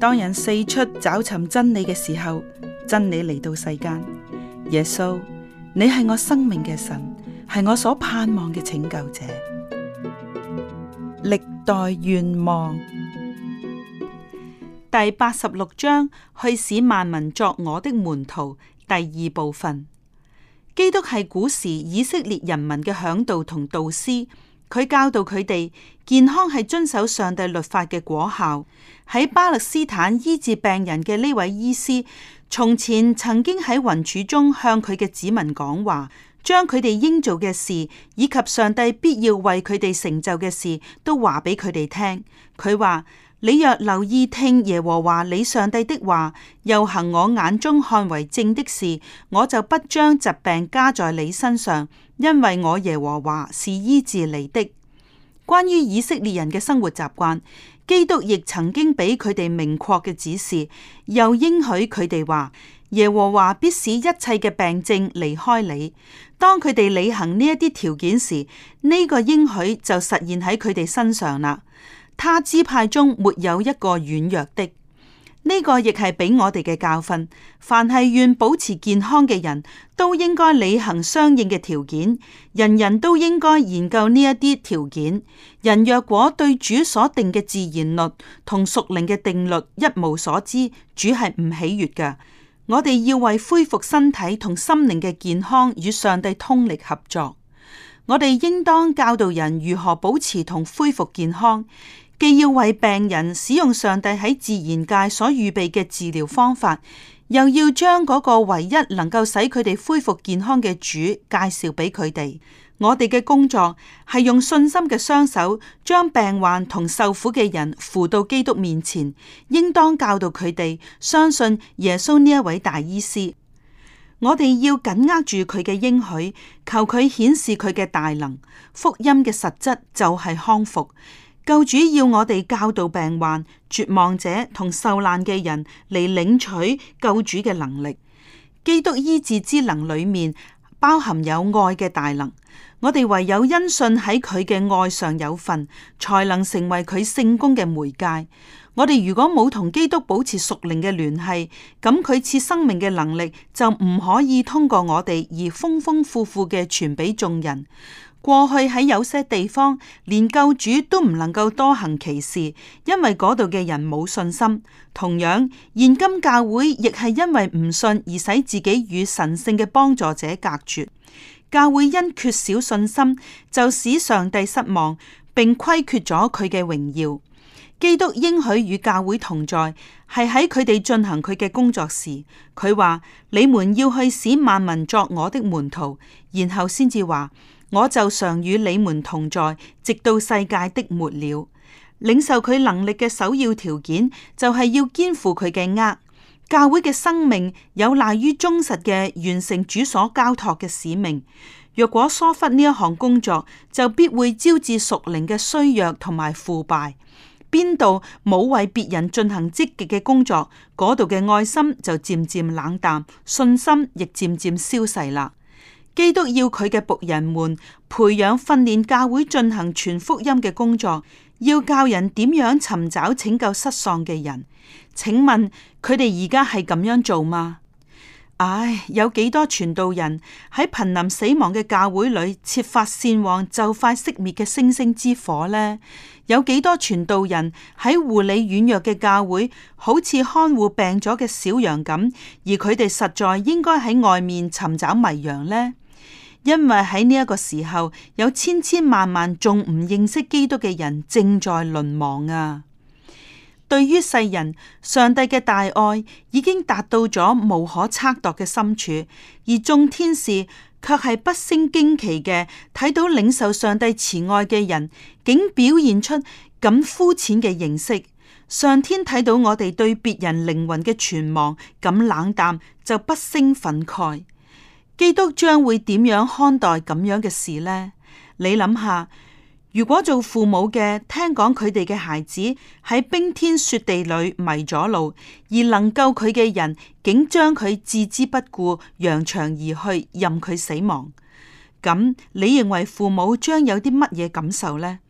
當人四出找尋真理嘅時候，真理嚟到世間。耶穌，你係我生命嘅神，係我所盼望嘅拯救者。歷代願望第八十六章：去使萬民作我的門徒。第二部分。基督係古時以色列人民嘅響導同導師，佢教導佢哋，健康係遵守上帝律法嘅果效。喺巴勒斯坦醫治病人嘅呢位醫師，從前曾經喺雲柱中向佢嘅子民講話，將佢哋應做嘅事以及上帝必要為佢哋成就嘅事都話俾佢哋聽。佢話。你若留意聽耶和華你上帝的話，又行我眼中看為正的事，我就不將疾病加在你身上，因為我耶和華是醫治你的。關於以色列人嘅生活習慣，基督亦曾經俾佢哋明確嘅指示，又應許佢哋話，耶和華必使一切嘅病症離開你。當佢哋履行呢一啲條件時，呢個應許就實現喺佢哋身上啦。他支派中沒有一個軟弱的，呢個亦係俾我哋嘅教訓。凡係願保持健康嘅人，都應該履行相應嘅條件。人人都應該研究呢一啲條件。人若果對主所定嘅自然律同屬靈嘅定律一無所知，主係唔喜悅嘅。我哋要為恢復身體同心靈嘅健康與上帝通力合作。我哋應當教導人如何保持同恢復健康。既要為病人使用上帝喺自然界所預備嘅治療方法，又要將嗰個唯一能夠使佢哋恢復健康嘅主介紹俾佢哋。我哋嘅工作係用信心嘅雙手將病患同受苦嘅人扶到基督面前，應當教導佢哋相信耶穌呢一位大醫師。我哋要緊握住佢嘅應許，求佢顯示佢嘅大能。福音嘅實質就係康復。救主要我哋教導病患、絕望者同受難嘅人嚟領取救主嘅能力。基督醫治之能裏面包含有愛嘅大能，我哋唯有因信喺佢嘅愛上有份，才能成為佢聖工嘅媒介。我哋如果冇同基督保持熟靈嘅聯繫，咁佢賜生命嘅能力就唔可以通過我哋而豐豐富富嘅傳俾眾人。過去喺有些地方，連救主都唔能夠多行其事，因為嗰度嘅人冇信心。同樣，現今教會亦係因為唔信而使自己與神聖嘅幫助者隔絕。教會因缺少信心，就使上帝失望，並虧缺咗佢嘅榮耀。基督應許與教會同在，係喺佢哋進行佢嘅工作時，佢話：你們要去使萬民作我的門徒，然後先至話。我就常與你們同在，直到世界的末了。領受佢能力嘅首要條件，就係、是、要肩負佢嘅軛。教會嘅生命有賴於忠實嘅完成主所交託嘅使命。若果疏忽呢一項工作，就必會招致屬靈嘅衰弱同埋腐敗。邊度冇為別人進行積極嘅工作，嗰度嘅愛心就漸漸冷淡，信心亦漸漸消逝啦。基督要佢嘅僕人們培養、訓練教會進行全福音嘅工作，要教人點樣尋找拯救失喪嘅人。請問佢哋而家係咁樣做嗎？唉，有幾多傳道人喺瀕臨死亡嘅教會裏設法煽旺就快熄滅嘅星星之火呢？有幾多傳道人喺護理軟弱嘅教會，好似看護病咗嘅小羊咁，而佢哋實在應該喺外面尋找迷羊呢？因為喺呢一個時候，有千千萬萬仲唔認識基督嘅人正在淪亡啊！對於世人，上帝嘅大愛已經達到咗無可測度嘅深處，而眾天使卻係不勝驚奇嘅，睇到領受上帝慈愛嘅人，竟表現出咁膚淺嘅形式。上天睇到我哋對別人靈魂嘅存亡，咁冷淡，就不勝憤慨。基督將會點樣看待咁樣嘅事呢？你諗下，如果做父母嘅聽講佢哋嘅孩子喺冰天雪地裏迷咗路，而能救佢嘅人竟將佢置之不顧，揚長而去，任佢死亡，咁你認為父母將有啲乜嘢感受呢？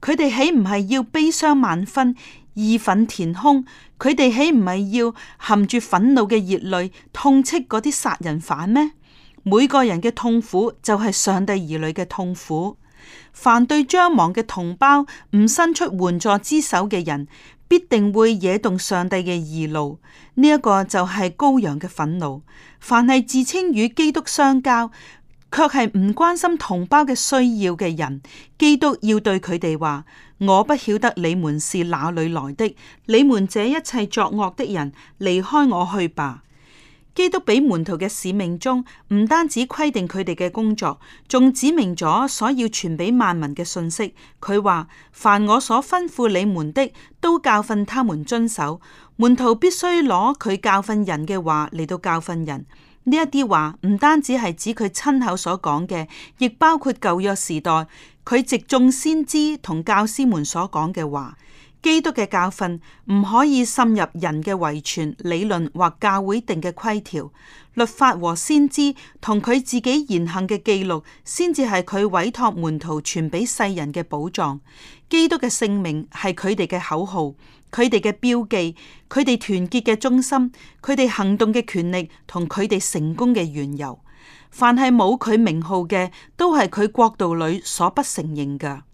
佢哋豈唔係要悲傷萬分、義憤填胸，佢哋豈唔係要含住憤怒嘅熱淚痛斥嗰啲殺人犯咩？每個人嘅痛苦就係上帝兒女嘅痛苦。凡對將亡嘅同胞唔伸出援助之手嘅人，必定會惹動上帝嘅義怒。呢、這、一個就係羔羊嘅憤怒。凡係自稱與基督相交，卻係唔關心同胞嘅需要嘅人，基督要對佢哋話：我不曉得你們是哪裏來的，你們這一切作惡的人，離開我去吧。基督俾門徒嘅使命中，唔單止規定佢哋嘅工作，仲指明咗所要傳俾萬民嘅信息。佢話：凡我所吩咐你們的，都教訓他們遵守。門徒必須攞佢教訓人嘅話嚟到教訓人。呢一啲話唔單止係指佢親口所講嘅，亦包括舊約時代佢直中先知同教師們所講嘅話。基督嘅教訓唔可以滲入人嘅遺傳、理論或教會定嘅規條、律法和先知同佢自己言行嘅記錄，先至係佢委託門徒傳俾世人嘅寶藏。基督嘅姓名係佢哋嘅口號，佢哋嘅標記，佢哋團結嘅中心，佢哋行動嘅權力同佢哋成功嘅緣由。凡係冇佢名號嘅，都係佢國度裏所不承認噶。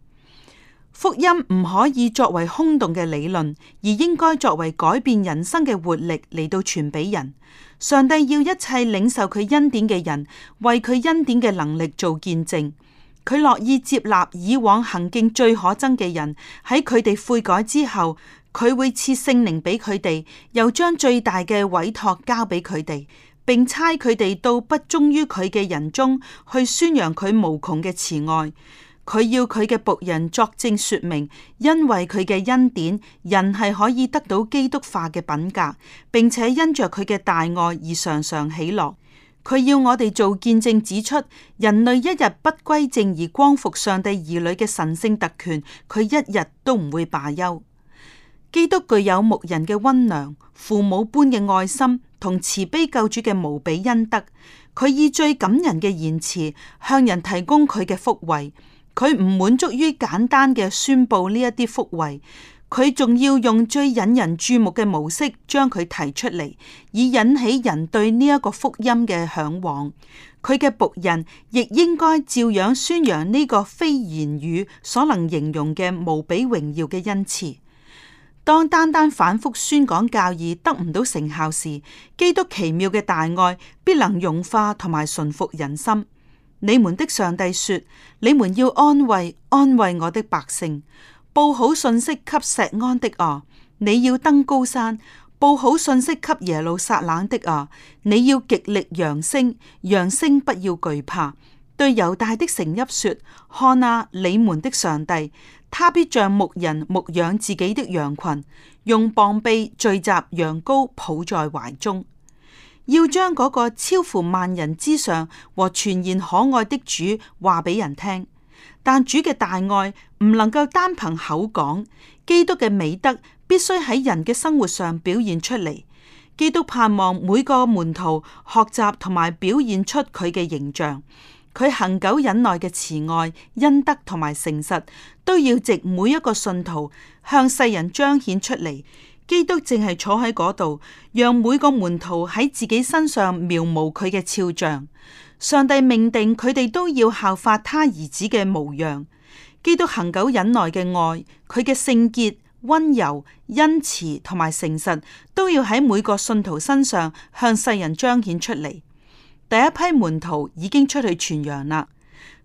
福音唔可以作為空洞嘅理論，而應該作為改變人生嘅活力嚟到傳俾人。上帝要一切領受佢恩典嘅人，為佢恩典嘅能力做見證。佢樂意接納以往行徑最可憎嘅人，喺佢哋悔改之後，佢會賜聖靈俾佢哋，又將最大嘅委託交俾佢哋，並差佢哋到不忠於佢嘅人中，去宣揚佢無窮嘅慈愛。佢要佢嘅僕人作證說明，因為佢嘅恩典，人係可以得到基督化嘅品格，並且因着佢嘅大愛而常常喜樂。佢要我哋做見證，指出人類一日不歸正而光復上帝兒女嘅神聖特權，佢一日都唔會罷休。基督具有牧人嘅溫良、父母般嘅愛心同慈悲救主嘅無比恩德，佢以最感人嘅言辭向人提供佢嘅福惠。佢唔滿足於簡單嘅宣佈呢一啲福惠，佢仲要用最引人注目嘅模式將佢提出嚟，以引起人對呢一個福音嘅向往。佢嘅僕人亦應該照樣宣揚呢個非言語所能形容嘅無比榮耀嘅恩賜。當單單反覆宣講教義得唔到成效時，基督奇妙嘅大愛必能融化同埋馴服人心。你們的上帝說：你們要安慰安慰我的百姓，報好信息給錫安的啊！你要登高山，報好信息給耶路撒冷的啊！你要極力揚聲，揚聲不要懼怕。對猶大的城邑說：看啊！你們的上帝，他必像牧人牧養自己的羊群，用膀臂聚集羊羔，抱在懷中。要將嗰個超乎萬人之上和全然可愛的主話俾人聽，但主嘅大愛唔能夠單憑口講，基督嘅美德必須喺人嘅生活上表現出嚟。基督盼望每個門徒學習同埋表現出佢嘅形象，佢恆久忍耐嘅慈愛、恩德同埋誠實，都要藉每一個信徒向世人彰顯出嚟。基督淨係坐喺嗰度，讓每個門徒喺自己身上描摹佢嘅肖像。上帝命定佢哋都要效法他兒子嘅模樣。基督恒久忍耐嘅愛，佢嘅聖潔、溫柔、恩慈同埋誠實，都要喺每個信徒身上向世人彰顯出嚟。第一批門徒已經出去傳揚啦，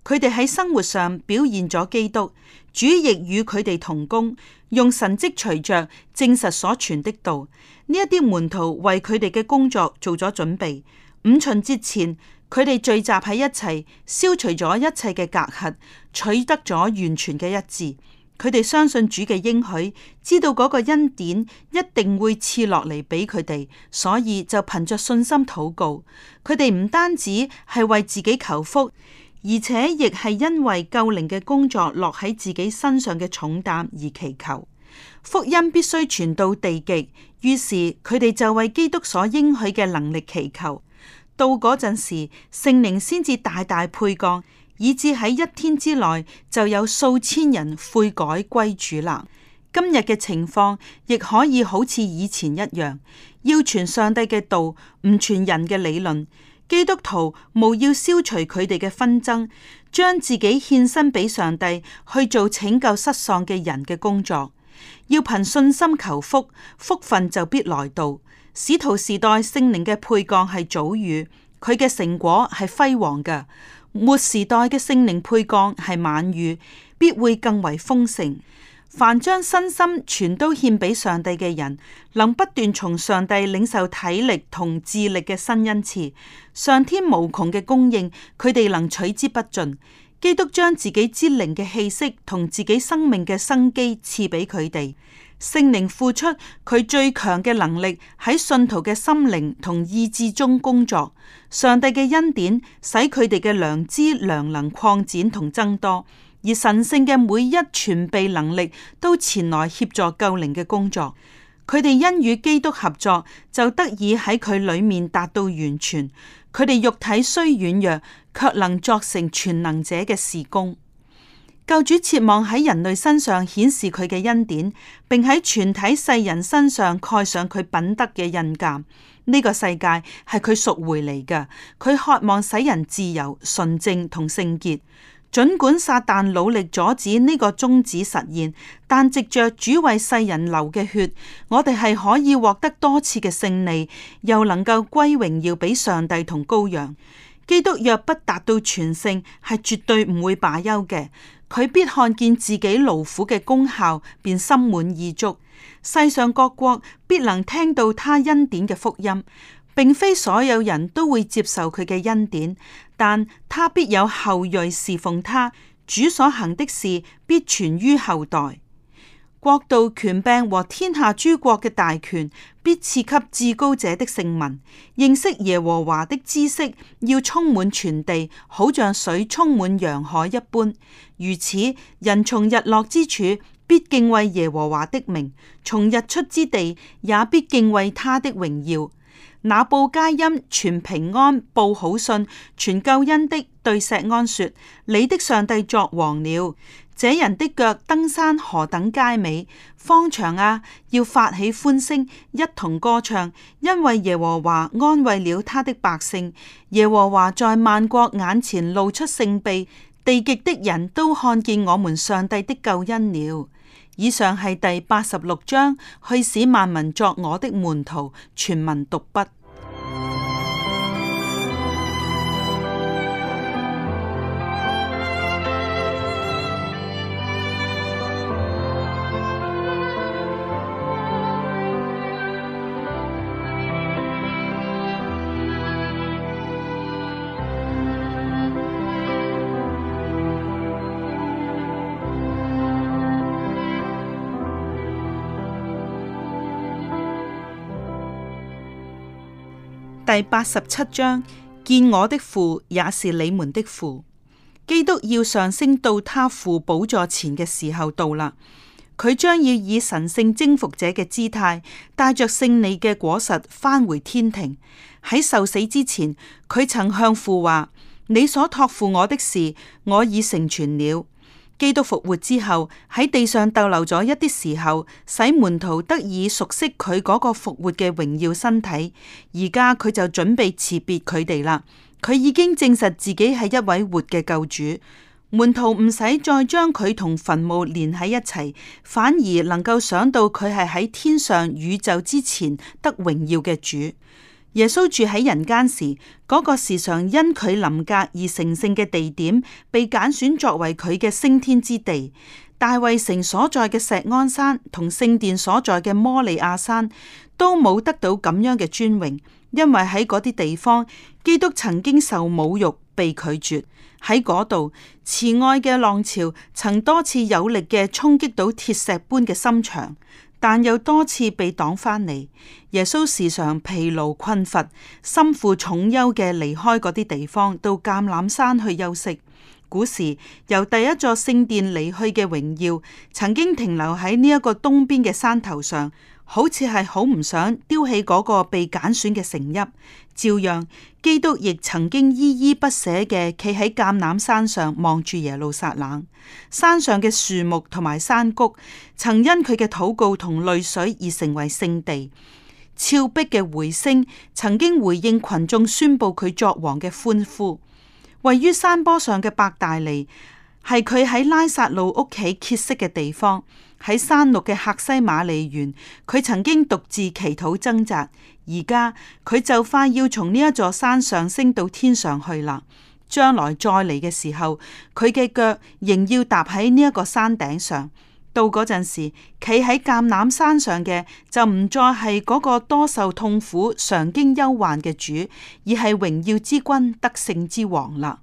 佢哋喺生活上表現咗基督。主亦與佢哋同工，用神蹟隨着證實所傳的道。呢一啲門徒為佢哋嘅工作做咗準備。五旬節前，佢哋聚集喺一齊，消除咗一切嘅隔閡，取得咗完全嘅一致。佢哋相信主嘅應許，知道嗰個恩典一定會賜落嚟俾佢哋，所以就憑着信心禱告。佢哋唔單止係為自己求福。而且亦係因為救靈嘅工作落喺自己身上嘅重擔而祈求，福音必須傳到地極。於是佢哋就為基督所應許嘅能力祈求。到嗰陣時，聖靈先至大大沛降，以至喺一天之內就有數千人悔改歸主啦。今日嘅情況亦可以好似以前一樣，要傳上帝嘅道，唔傳人嘅理論。基督徒無要消除佢哋嘅紛爭，將自己獻身俾上帝去做拯救失喪嘅人嘅工作，要憑信心求福，福分就必來到。使徒時代聖靈嘅配降係早雨，佢嘅成果係輝煌嘅；末時代嘅聖靈配降係晚雨，必會更為豐盛。凡將身心全都獻俾上帝嘅人，能不斷從上帝領受體力同智力嘅新恩賜。上天無窮嘅供應，佢哋能取之不盡。基督將自己之靈嘅氣息同自己生命嘅生機，賜俾佢哋。聖靈付出佢最強嘅能力，喺信徒嘅心靈同意志中工作。上帝嘅恩典，使佢哋嘅良知、良能擴展同增多。而神聖嘅每一全備能力都前來協助救靈嘅工作，佢哋因與基督合作，就得以喺佢裏面達到完全。佢哋肉體雖軟弱，卻能作成全能者嘅事工。救主切望喺人類身上顯示佢嘅恩典，并喺全體世人身上蓋上佢品德嘅印鑒。呢、這個世界係佢贖回嚟嘅，佢渴望使人自由、純正同聖潔。盡管撒旦努力阻止呢個宗旨實現，但藉着主為世人流嘅血，我哋係可以獲得多次嘅勝利，又能夠歸榮耀俾上帝同羔羊。基督若不達到全勝，係絕對唔會罷休嘅。佢必看見自己勞苦嘅功效，便心滿意足。世上各國必能聽到他恩典嘅福音，並非所有人都會接受佢嘅恩典。但他必有後裔侍奉他，主所行的事必存於後代，國度權柄和天下諸國嘅大權必賜給至高者的聖民。認識耶和華的知識要充滿全地，好像水充滿洋海一般。如此，人從日落之處必敬畏耶和華的名，從日出之地也必敬畏他的榮耀。那報佳音傳平安，報好信傳救恩的對錫安說：你的上帝作王了。這人的腳登山何等佳美，荒場啊，要發起歡聲，一同歌唱，因為耶和華安慰了他的百姓，耶和華在萬國眼前露出聖臂，地極的人都看見我們上帝的救恩了。以上係第八十六章，去使萬民作我的門徒，全文讀畢。第八十七章，見我的父也是你們的父。基督要上升到他父寶座前嘅時候到啦，佢將要以神聖征服者嘅姿態，帶着勝利嘅果實返回天庭。喺受死之前，佢曾向父話：你所託付我的事，我已成全了。基督復活之後喺地上逗留咗一啲時候，使門徒得以熟悉佢嗰個復活嘅榮耀身體。而家佢就準備辭別佢哋啦。佢已經證實自己係一位活嘅救主，門徒唔使再將佢同墳墓連喺一齊，反而能夠想到佢係喺天上宇宙之前得榮耀嘅主。耶穌住喺人間時，嗰、那個時常因佢臨格而成聖嘅地點，被揀選作為佢嘅升天之地。大衛城所在嘅錫安山同聖殿所在嘅摩利亞山，都冇得到咁樣嘅尊榮，因為喺嗰啲地方，基督曾經受侮辱、被拒絕。喺嗰度，慈愛嘅浪潮曾多次有力嘅衝擊到鐵石般嘅心腸。但又多次被擋返嚟，耶穌時常疲勞困乏、心負重憂嘅離開嗰啲地方，到橄欖山去休息。古時由第一座聖殿離去嘅榮耀，曾經停留喺呢一個東邊嘅山頭上，好似係好唔想丟棄嗰個被揀選嘅城邑。照樣，基督亦曾經依依不捨嘅企喺橄欖山上望住耶路撒冷。山上嘅樹木同埋山谷，曾因佢嘅禱告同淚水而成為聖地。峭壁嘅回聲曾經回應群眾宣布佢作王嘅歡呼。位於山坡上嘅伯大尼係佢喺拉撒路屋企歇息嘅地方。喺山麓嘅客西馬尼園，佢曾經獨自祈禱掙扎，而家佢就快要從呢一座山上升到天上去啦。將來再嚟嘅時候，佢嘅腳仍要踏喺呢一個山頂上。到嗰陣時，企喺橄欖山上嘅就唔再係嗰個多受痛苦、常經憂患嘅主，而係榮耀之君、得勝之王啦。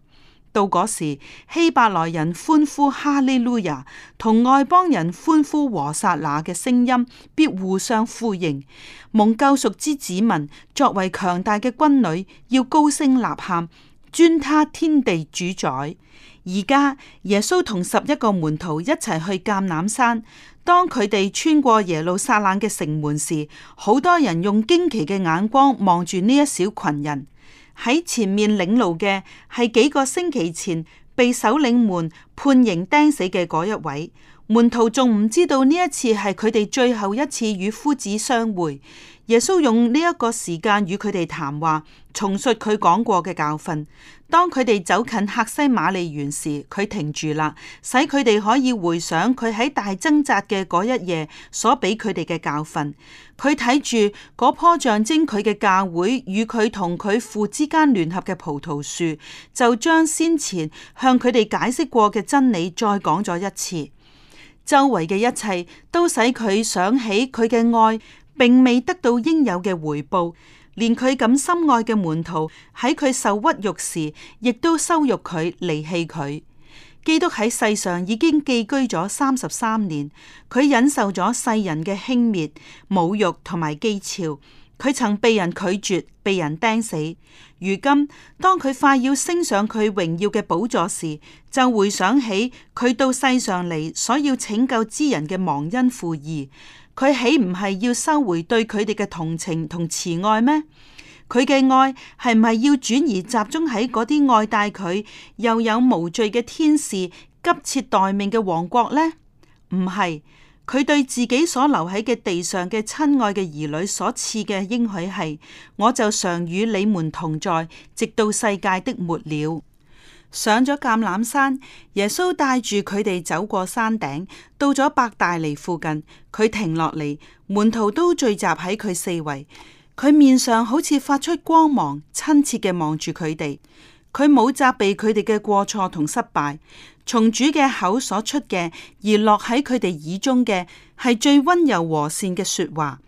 到嗰時，希伯來人歡呼哈利路亞，同外邦人歡呼和撒那嘅聲音必互相呼應。蒙救贖之子民作爲強大嘅軍旅，要高聲吶喊，尊他天地主宰。而家耶穌同十一個門徒一齊去橄欖山，當佢哋穿過耶路撒冷嘅城門時，好多人用驚奇嘅眼光望住呢一小群人。喺前面領路嘅係幾個星期前被首領們判刑釘死嘅嗰一位。門徒仲唔知道呢一次係佢哋最後一次與夫子相會。耶穌用呢一個時間與佢哋談話，重述佢講過嘅教訓。當佢哋走近赫西馬利園時，佢停住啦，使佢哋可以回想佢喺大掙扎嘅嗰一夜所俾佢哋嘅教訓。佢睇住嗰棵象徵佢嘅教會與佢同佢父之間聯合嘅葡萄樹，就將先前向佢哋解釋過嘅真理再講咗一次。周圍嘅一切都使佢想起佢嘅愛，並未得到應有嘅回報。連佢咁深愛嘅門徒喺佢受屈辱時，亦都羞辱佢、離棄佢。基督喺世上已經寄居咗三十三年，佢忍受咗世人嘅輕蔑、侮辱同埋譏嘲。佢曾被人拒絕，被人釘死。如今當佢快要升上佢榮耀嘅寶座時，就回想起佢到世上嚟所要拯救之人嘅忘恩負義。佢豈唔係要收回對佢哋嘅同情同慈愛咩？佢嘅愛係唔係要轉而集中喺嗰啲愛戴佢又有無罪嘅天使急切待命嘅王國呢？唔係。佢對自己所留喺嘅地上嘅親愛嘅兒女所賜嘅應許係，我就常與你們同在，直到世界的末了。上咗橄欖山，耶穌帶住佢哋走過山頂，到咗伯大尼附近，佢停落嚟，門徒都聚集喺佢四圍，佢面上好似發出光芒，親切嘅望住佢哋，佢冇責備佢哋嘅過錯同失敗。從主嘅口所出嘅，而落喺佢哋耳中嘅，係最温柔和善嘅說話。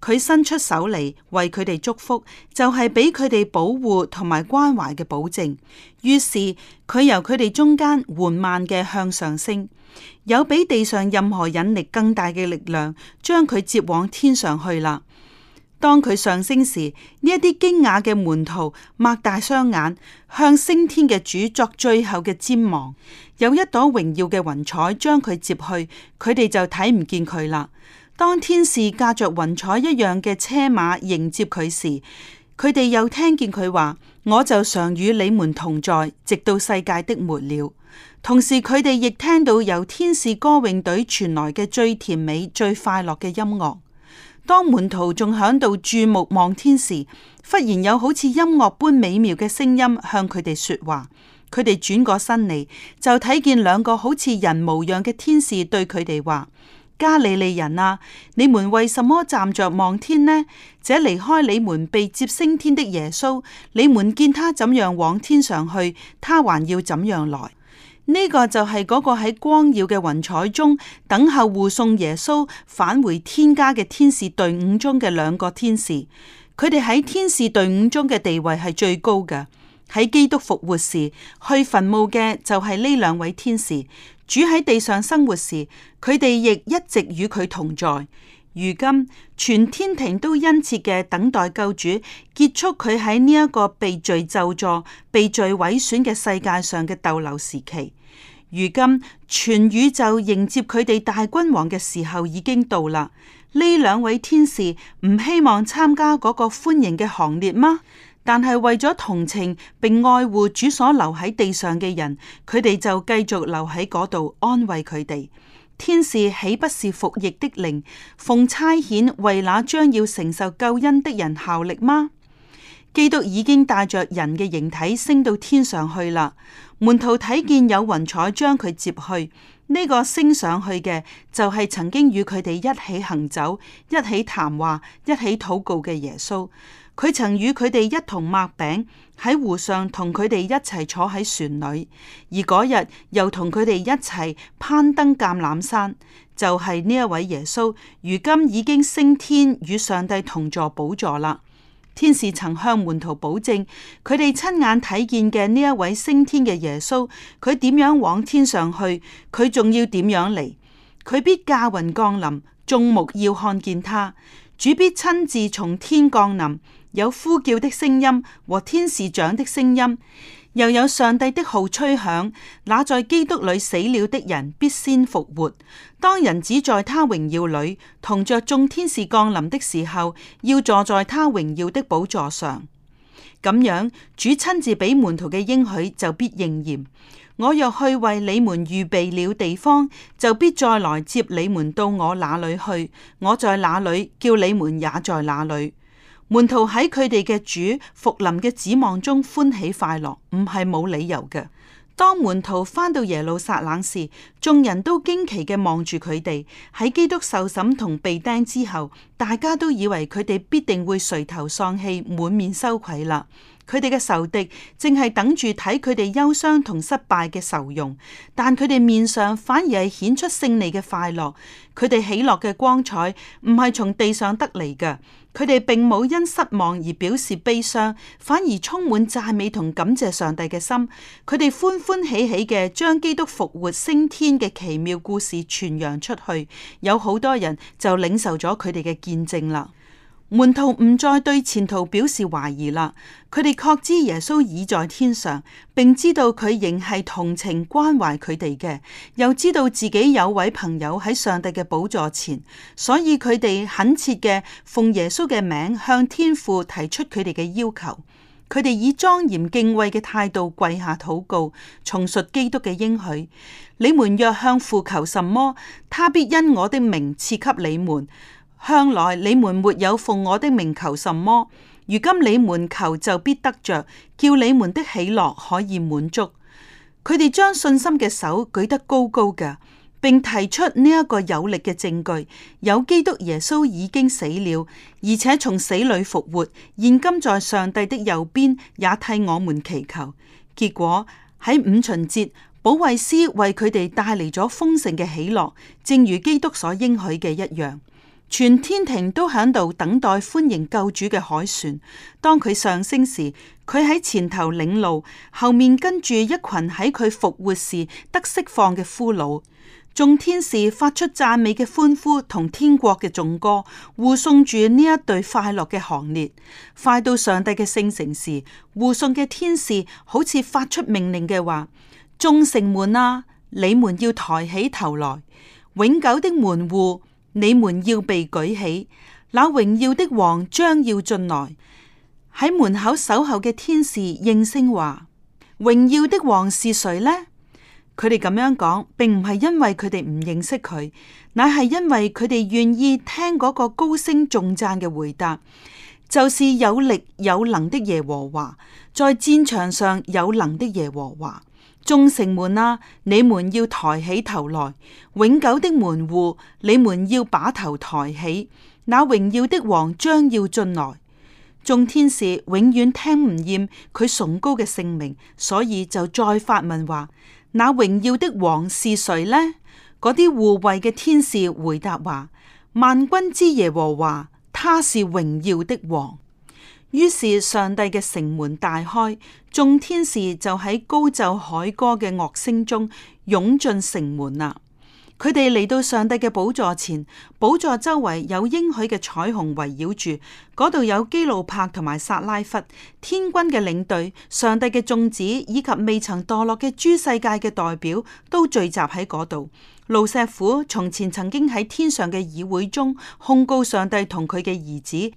佢伸出手嚟為佢哋祝福，就係俾佢哋保護同埋關懷嘅保證。於是佢由佢哋中間緩慢嘅向上升，有比地上任何引力更大嘅力量，將佢接往天上去啦。當佢上升時，呢一啲驚訝嘅門徒擘大雙眼，向升天嘅主作最後嘅瞻望。有一朵榮耀嘅雲彩將佢接去，佢哋就睇唔見佢啦。當天使駕着雲彩一樣嘅車馬迎接佢時，佢哋又聽見佢話：我就常與你們同在，直到世界的末了。同時，佢哋亦聽到由天使歌詠隊傳來嘅最甜美、最快樂嘅音樂。當門徒仲響度注目望天時，忽然有好似音樂般美妙嘅聲音向佢哋說話。佢哋轉過身嚟，就睇見兩個好似人模樣嘅天使對佢哋話：加利利人啊，你們為什麼站着望天呢？這離開你們被接升天的耶穌，你們見他怎樣往天上去，他還要怎樣來。呢個就係嗰個喺光耀嘅雲彩中等候護送耶穌返回天家嘅天使隊伍中嘅兩個天使，佢哋喺天使隊伍中嘅地位係最高嘅。喺基督復活時，去墳墓嘅就係呢兩位天使，主喺地上生活時，佢哋亦一直與佢同在。如今，全天庭都殷切嘅等待救主結束佢喺呢一個被罪咒詛、被罪毀損嘅世界上嘅逗留時期。如今，全宇宙迎接佢哋大君王嘅時候已經到啦。呢兩位天使唔希望參加嗰個歡迎嘅行列嗎？但係為咗同情並愛護主所留喺地上嘅人，佢哋就繼續留喺嗰度安慰佢哋。天使豈不是服役的靈，奉差遣為那將要承受救恩的人效力嗎？基督已經帶着人嘅形體升到天上去啦，門徒睇見有雲彩將佢接去，呢、這個升上去嘅就係曾經與佢哋一起行走、一起談話、一起禱告嘅耶穌。佢曾與佢哋一同擘餅，喺湖上同佢哋一齊坐喺船裏，而嗰日又同佢哋一齊攀登橄欖山。就係呢一位耶穌，如今已經升天與上帝同坐寶座啦。天使曾向門徒保證，佢哋親眼睇見嘅呢一位升天嘅耶穌，佢點樣往天上去，佢仲要點樣嚟？佢必駕雲降臨，眾目要看見他。主必親自從天降臨，有呼叫的聲音和天使長的聲音，又有上帝的號吹響。那在基督裏死了的人必先復活。當人子在他榮耀裏同着眾天使降臨的時候，要坐在他榮耀的寶座上。咁樣，主親自俾門徒嘅應許就必應驗。我若去為你們預備了地方，就必再來接你們到我那裏去。我在那裏，叫你們也在那裏。門徒喺佢哋嘅主復臨嘅指望中歡喜快樂，唔係冇理由嘅。當門徒返到耶路撒冷時，眾人都驚奇嘅望住佢哋。喺基督受審同被釘之後，大家都以為佢哋必定會垂頭喪氣，滿面羞愧啦。佢哋嘅仇敵正係等住睇佢哋憂傷同失敗嘅愁容，但佢哋面上反而係顯出勝利嘅快樂。佢哋喜樂嘅光彩唔係從地上得嚟嘅，佢哋並冇因失望而表示悲傷，反而充滿讚美同感謝上帝嘅心。佢哋歡歡喜喜嘅將基督復活升天嘅奇妙故事傳揚出去，有好多人就領受咗佢哋嘅見證啦。門徒唔再對前途表示懷疑啦，佢哋確知耶穌已在天上，並知道佢仍係同情關懷佢哋嘅，又知道自己有位朋友喺上帝嘅寶座前，所以佢哋懇切嘅奉耶穌嘅名向天父提出佢哋嘅要求。佢哋以莊嚴敬畏嘅態度跪下禱告，重述基督嘅應許：你們若向父求什麼，他必因我的名賜給你們。向來你們沒有奉我的名求什麼，如今你們求就必得着，叫你們的喜樂可以滿足。佢哋將信心嘅手舉得高高嘅，並提出呢一個有力嘅證據：有基督耶穌已經死了，而且從死裏復活，現今在上帝的右邊，也替我們祈求。結果喺五旬節，保惠師為佢哋帶嚟咗豐盛嘅喜樂，正如基督所應許嘅一樣。全天庭都響度等待歡迎救主嘅海船。當佢上升時，佢喺前頭領路，後面跟住一群喺佢復活時得釋放嘅俘虜。眾天使發出讚美嘅歡呼同天國嘅頌歌，護送住呢一對快樂嘅行列。快到上帝嘅聖城時，護送嘅天使好似發出命令嘅話：眾城門啊，你們要抬起頭來，永久的門戶。你們要被舉起，那榮耀的王將要進來。喺門口守候嘅天使應聲話：榮耀的王是誰呢？佢哋咁樣講，並唔係因為佢哋唔認識佢，乃係因為佢哋願意聽嗰個高聲重讚嘅回答，就是有力有能的耶和華，在戰場上有能的耶和華。眾城門啊，你們要抬起頭來，永久的門戶，你們要把頭抬起。那榮耀的王將要進來，眾天使永遠聽唔厭佢崇高嘅姓名，所以就再發問話：那榮耀的王是誰呢？嗰啲護衛嘅天使回答話：萬軍之耶和華，他是榮耀的王。於是上帝嘅城門大開，眾天使就喺高奏凱歌嘅樂聲中湧進城門啦。佢哋嚟到上帝嘅寶座前，寶座周圍有應許嘅彩虹圍繞住，嗰度有基路柏同埋撒拉弗、天軍嘅領隊、上帝嘅眾子以及未曾墮落嘅諸世界嘅代表都聚集喺嗰度。路石虎從前曾經喺天上嘅議會中控告上帝同佢嘅兒子。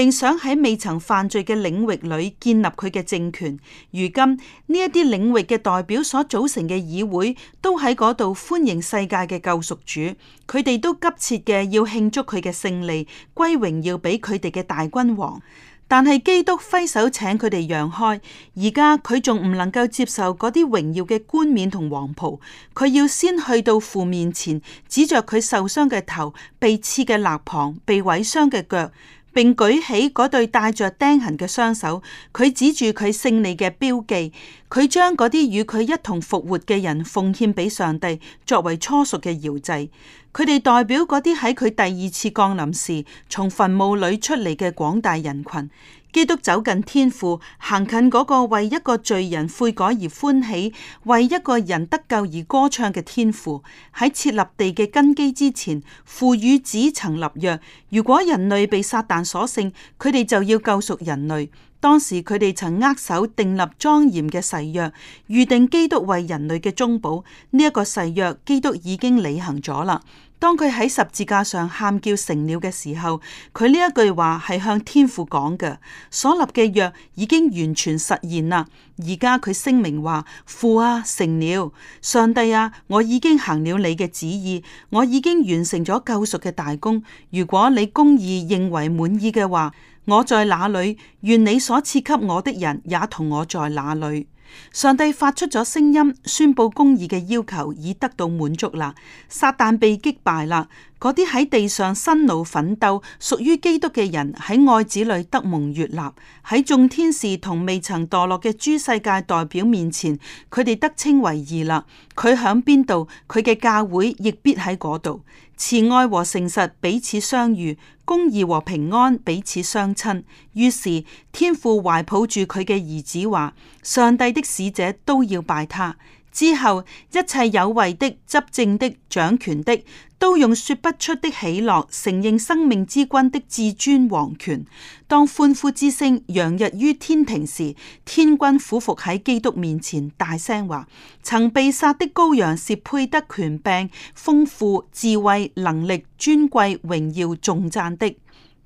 並想喺未曾犯罪嘅領域裏建立佢嘅政權。如今呢一啲領域嘅代表所組成嘅議會，都喺嗰度歡迎世界嘅救贖主。佢哋都急切嘅要慶祝佢嘅勝利，歸榮耀俾佢哋嘅大君王。但係基督揮手請佢哋讓開。而家佢仲唔能夠接受嗰啲榮耀嘅冠冕同黃袍，佢要先去到父面前，指着佢受傷嘅頭、被刺嘅肋旁、被毀傷嘅腳。並舉起嗰對帶着釘痕嘅雙手，佢指住佢勝利嘅標記，佢將嗰啲與佢一同復活嘅人奉獻俾上帝，作為初熟嘅搖祭，佢哋代表嗰啲喺佢第二次降臨時從墳墓裏出嚟嘅廣大人群。基督走近天父，行近嗰個為一個罪人悔改而歡喜，為一個人得救而歌唱嘅天父。喺設立地嘅根基之前，父與子曾立約：如果人類被撒但所勝，佢哋就要救贖人類。當時佢哋曾握手訂立莊嚴嘅誓約，預定基督為人類嘅中保。呢一個誓約，基督已經履行咗啦。當佢喺十字架上喊叫成了嘅時候，佢呢一句話係向天父講嘅，所立嘅約已經完全實現啦。而家佢聲明話：父啊，成了！上帝啊，我已經行了你嘅旨意，我已經完成咗救贖嘅大功。如果你公義認為滿意嘅話，我在哪裏，願你所賜給我的人也同我在哪裏。上帝發出咗聲音，宣布公義嘅要求已得到滿足啦。撒旦被擊敗啦，嗰啲喺地上辛勞奮鬥、屬於基督嘅人喺愛子裏得蒙悅納，喺眾天使同未曾墮落嘅諸世界代表面前，佢哋得稱為義啦。佢喺邊度，佢嘅教會亦必喺嗰度。慈愛和誠實彼此相遇，公義和平安彼此相親。於是天父懷抱住佢嘅兒子話：上帝的使者都要拜他。之後，一切有為的、執政的、掌權的，都用說不出的喜樂承認生命之君的至尊皇權。當歡呼之聲洋溢於天庭時，天君俯伏喺基督面前，大聲話：曾被殺的羔羊是配得權柄、豐富、智慧、能力、尊貴、榮耀、重讚的。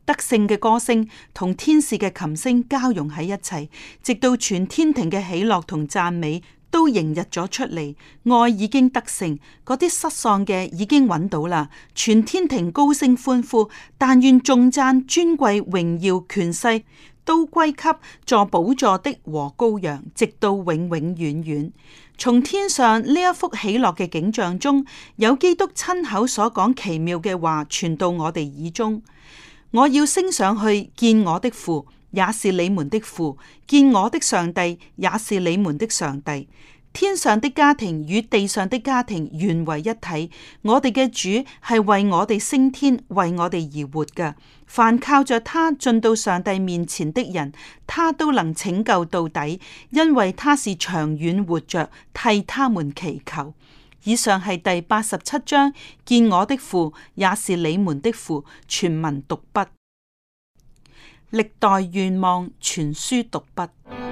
得勝嘅歌聲同天使嘅琴聲交融喺一齊，直到全天庭嘅喜樂同讚美。都迎日咗出嚟，愛已經得勝，嗰啲失喪嘅已經揾到啦，全天庭高聲歡呼，但願眾讚尊貴榮耀權勢都歸給坐寶座的和羔羊，直到永永遠遠。從天上呢一幅喜樂嘅景象中，有基督親口所講奇妙嘅話傳到我哋耳中，我要升上去見我的父。也是你們的父，見我的上帝，也是你們的上帝。天上的家庭與地上的家庭原為一體。我哋嘅主係為我哋升天，為我哋而活嘅。凡靠着他進到上帝面前的人，他都能拯救到底，因為他是長遠活着，替他們祈求。以上係第八十七章，見我的父，也是你們的父，全文讀畢。歷代願望，傳書讀畢。